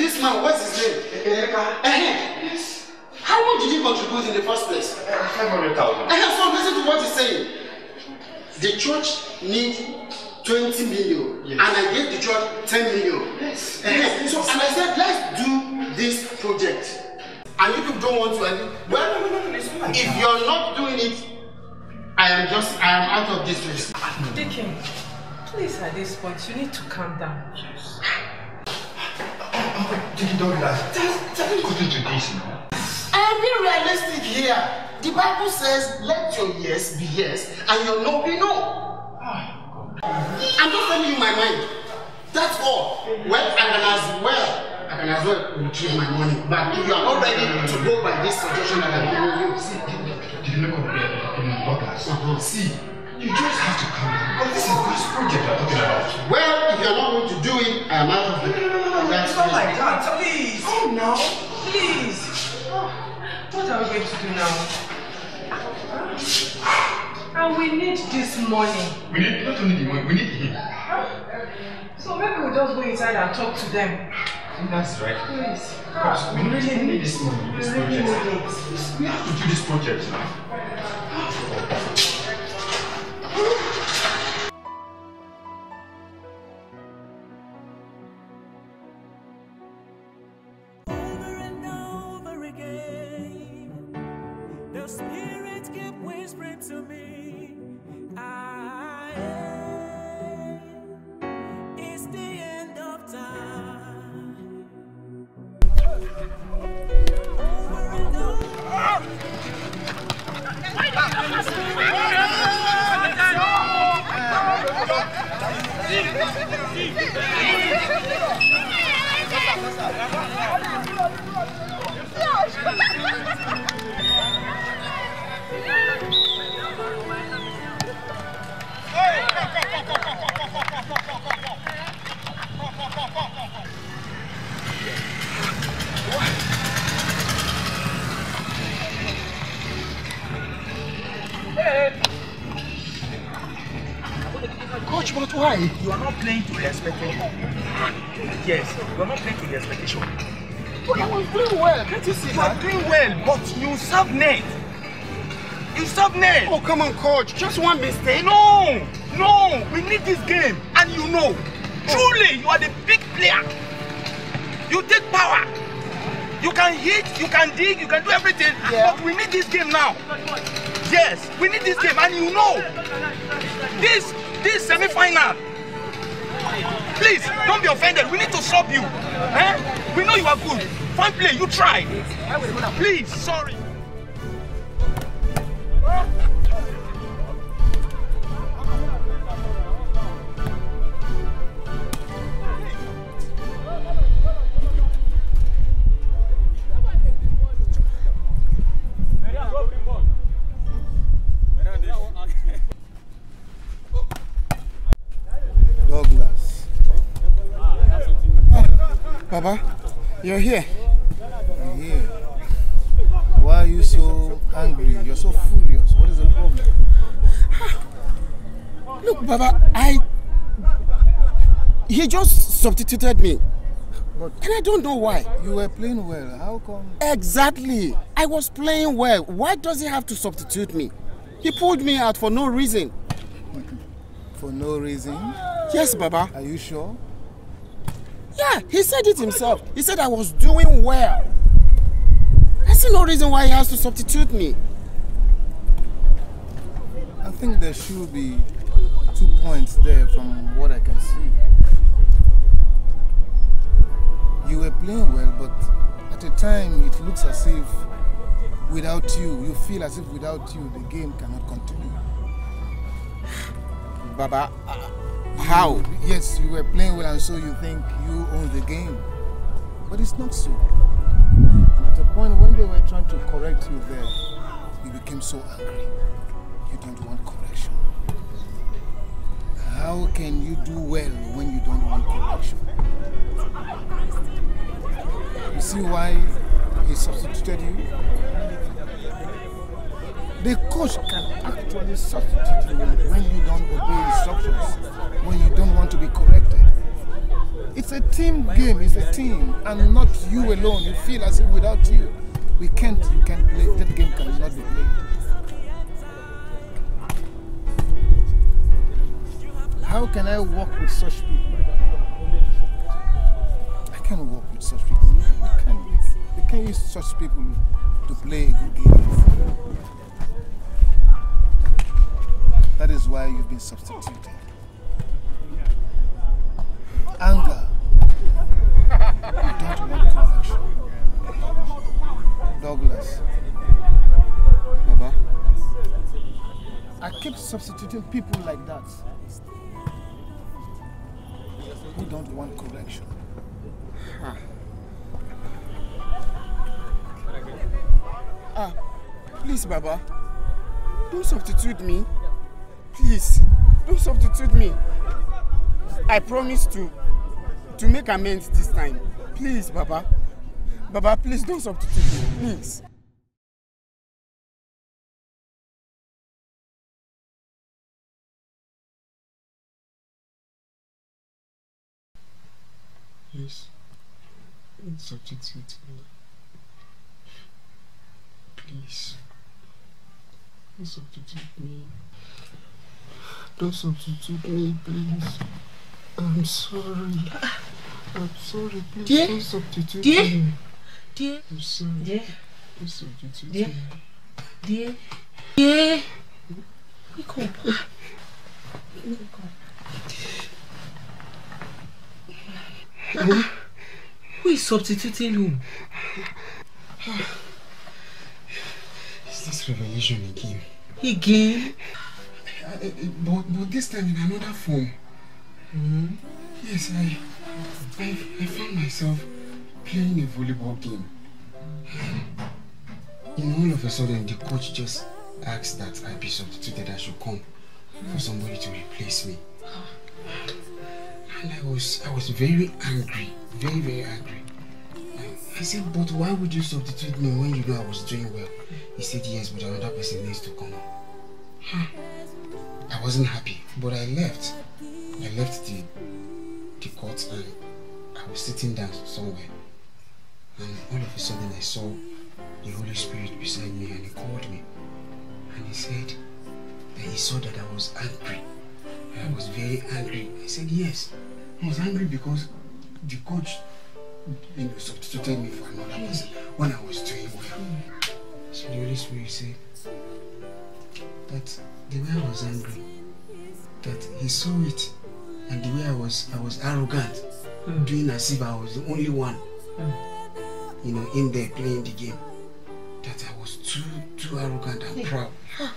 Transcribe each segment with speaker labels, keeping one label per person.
Speaker 1: this man, what's his name? Eka. Yes. How much did he contribute in the first place? Five hundred 500,000. So listen to what he's saying. The church need twenty million. Yes. And I gave the church ten million. Yes. yes. So, and I said, let's do this project. And you people don't want to. And, well, if you are not doing it, I am just, I am out of this race. Deacon, please at this point, you need to calm down. Yes. Oh, Jackie Douglas, just, just go into this now. And be realistic here. The Bible says, let your yes be yes and your no be no.
Speaker 2: Ah,
Speaker 1: I'm just telling you my mind. That's all. Well, I can as well. I can as well retrieve my money. But if you are not ready to go by this suggestion that I'm giving you, see, did you not compare in Douglas? Uh-huh. See, you just have to come. Because this is God's project I'm talking about. Well, if you are not going to do it, I am out of it. It's oh my God, please. Oh no, please. Oh, what are we going to do now? And we need this money. We need not only the money, we need him. So maybe we'll just go inside and talk to them. That's right. Please.
Speaker 2: Gosh, we ah, really
Speaker 1: need this money, this project. We have to do this project now. Oh. Your spirit kept whispering to me, I am. It's
Speaker 2: the end of time. Over and over.
Speaker 1: Coach, but why? You are not playing to the expectation. Yes, you are not playing to the expectation. But I was doing well, can't you see? You are doing well, but you serve net. It's Oh, come on, coach. Just one mistake. No, no. We need this game. And you know, oh. truly, you are the big player. You take power. You can hit, you can dig, you can do everything. Yeah. But we need this game now. Yes, we need this game. And you know, this, this semi-final, Please, don't be offended. We need to stop you. Eh? We know you are good. Fine play, you try. Please, sorry. Baba, you're here. I'm here. Why are you so angry? You're so furious. What is the problem? Ah, look, Baba, I... He just substituted me. But and I don't know why. You were playing well. How come? Exactly. I was playing well. Why does he have to substitute me? He pulled me out for no reason. for no reason? Yes, Baba. Are you sure? Yeah, he said it himself. He said I was doing well. I see no reason why he has to substitute me. I think there should be two points there from what I can see. You were playing well, but at a time it looks as if without you, you feel as if without you the game cannot continue. Baba, I How? Yes, you were playing well, and so you think you own the game. But it's not so. And at a point when they were trying to correct you there, you became so angry. You don't want correction. How can you do well when you don't want correction? You see why he substituted you? The coach can actually substitute you when you don't obey instructions, when you don't want to be corrected. It's a team game, it's a team, and not you alone. You feel as if without you, we can't, you can't play, that game cannot be played. How can I work with such people? I can't work with such people. You can't, You can't use such people to play a good game. That is why you've been substituted. Anger. You don't want correction. Douglas. Baba. I keep substituting people like that who don't want correction. Ah, please, Baba, don't substitute me. Please, don't substitute me. I promise to to make amends this time. Please, Baba. Baba, please don't substitute
Speaker 2: me. Please. Please, don't substitute me.
Speaker 1: Please, don't substitute me. Listen substitute me, please. I'm sorry.
Speaker 2: I'm sorry, please. Don't substitute me. Dear? I'm sorry. Dear? suis substitute Dear? me. Dear? Dear? Wake Wake up. who is substituting whom?
Speaker 1: Is this revelation again?
Speaker 2: Again?
Speaker 1: Eh, eh, but, but this time in another form. Mm. Yes, I, I, I found myself playing a volleyball game. And all of a sudden, the coach just asked that I be substituted. I should come for somebody to replace me. And I was, I was very angry, very, very angry. I said, but why would you substitute me when you know I was doing well? He said, yes, but another person needs to come. Huh. I wasn't happy, but I left. I left the, the court and I was sitting down somewhere. And all of a sudden I saw the Holy Spirit beside me and he called me. And he said that he saw that I was angry. I was very angry. I said yes. I was angry because the coach you know, substituted me for another person when I was
Speaker 2: doing well.
Speaker 1: So the Holy Spirit said that the way I was angry, that he saw it, and the way I was, I was arrogant, mm. doing as if I was the only one,
Speaker 2: mm.
Speaker 1: you know, in there playing the game, that I was too, too arrogant and proud. Ah.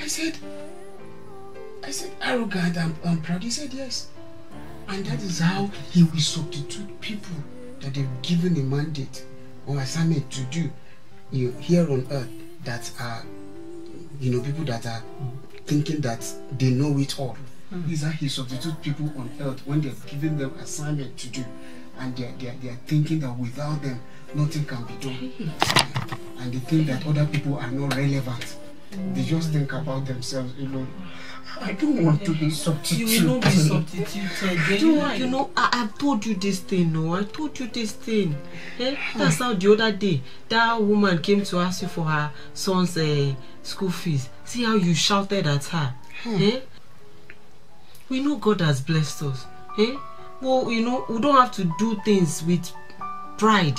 Speaker 1: I said, I said, arrogant and, and proud. He said, yes. And that is how he will substitute people that they've given a mandate or assignment to do you know, here on earth that are, you know, people that are thinking that they know it all. Mm. These are his substitute people on earth when they're giving them assignment to do, and they're, they're, they're thinking that without them, nothing can be done. and they think that other people are not relevant. They just think about themselves You know, I don't want to be substituted. You will not be
Speaker 2: substituted. You, know, you know, I, have told you this thing, no? I told you this thing. Hey, eh? That's how the other day that woman came to ask you for her son's uh, school fees. See how you shouted at her. Hey, hmm. eh? We know God has blessed us. Hey, Well, you know, we don't have to do things with pride.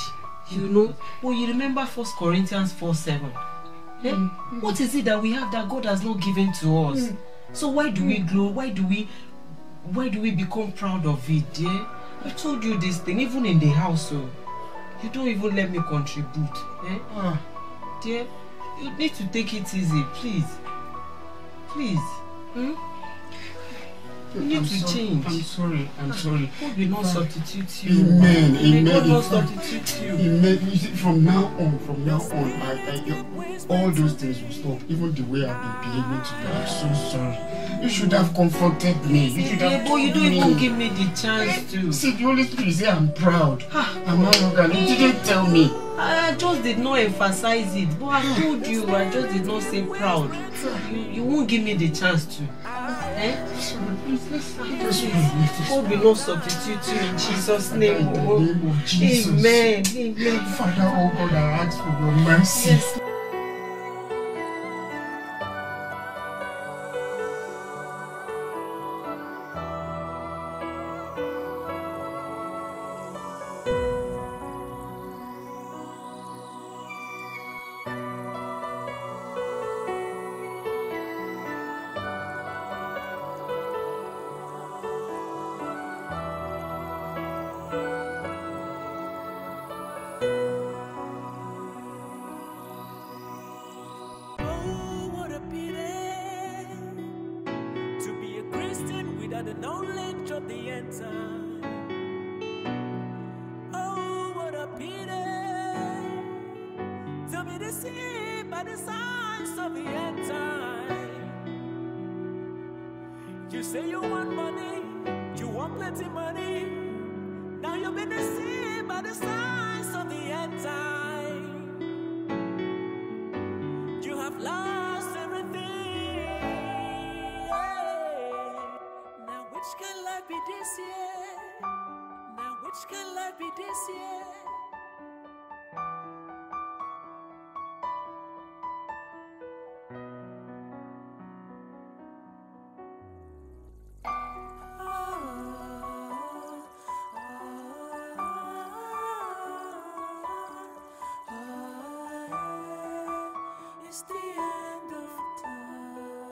Speaker 2: You hmm. know? Well, you remember First Corinthians 4 7. Eh? Mm. What is it that we have that God has not given to us? Mm. So why do we mm. glow? Why do we why do we become proud of it? Eh? I told you this thing, even in the house, so oh. you don't even let me contribute. Eh? Uh. Dear, you need to take it easy, please. Please. Hmm? You need I'm to sorry, change. I'm sorry. I'm sorry. God will not substitute you. Amen. Amen. God will not substitute you.
Speaker 1: Amen. You see, from now on, from now on, I, I, all those things will stop. Even the way I've been behaving to you, I'm so sorry. You should have confronted me. You should have. Yeah, but you don't me. even
Speaker 2: give me the chance to. See, the only thing is, I'm proud. Ah. I'm You didn't tell me. I just did not emphasize it, but I told you I just did not say proud. Ah. You, you won't give me the chance to. Hope be no substitute you in Jesus' name. In the name Amen. Amen. Father, oh God,
Speaker 1: I ask for your mercy. Yes. You say you want money, you want plenty money. Now you've been deceived by the signs of the end time. You have
Speaker 2: lost everything. Now which can life be this year? Now which can life be this year?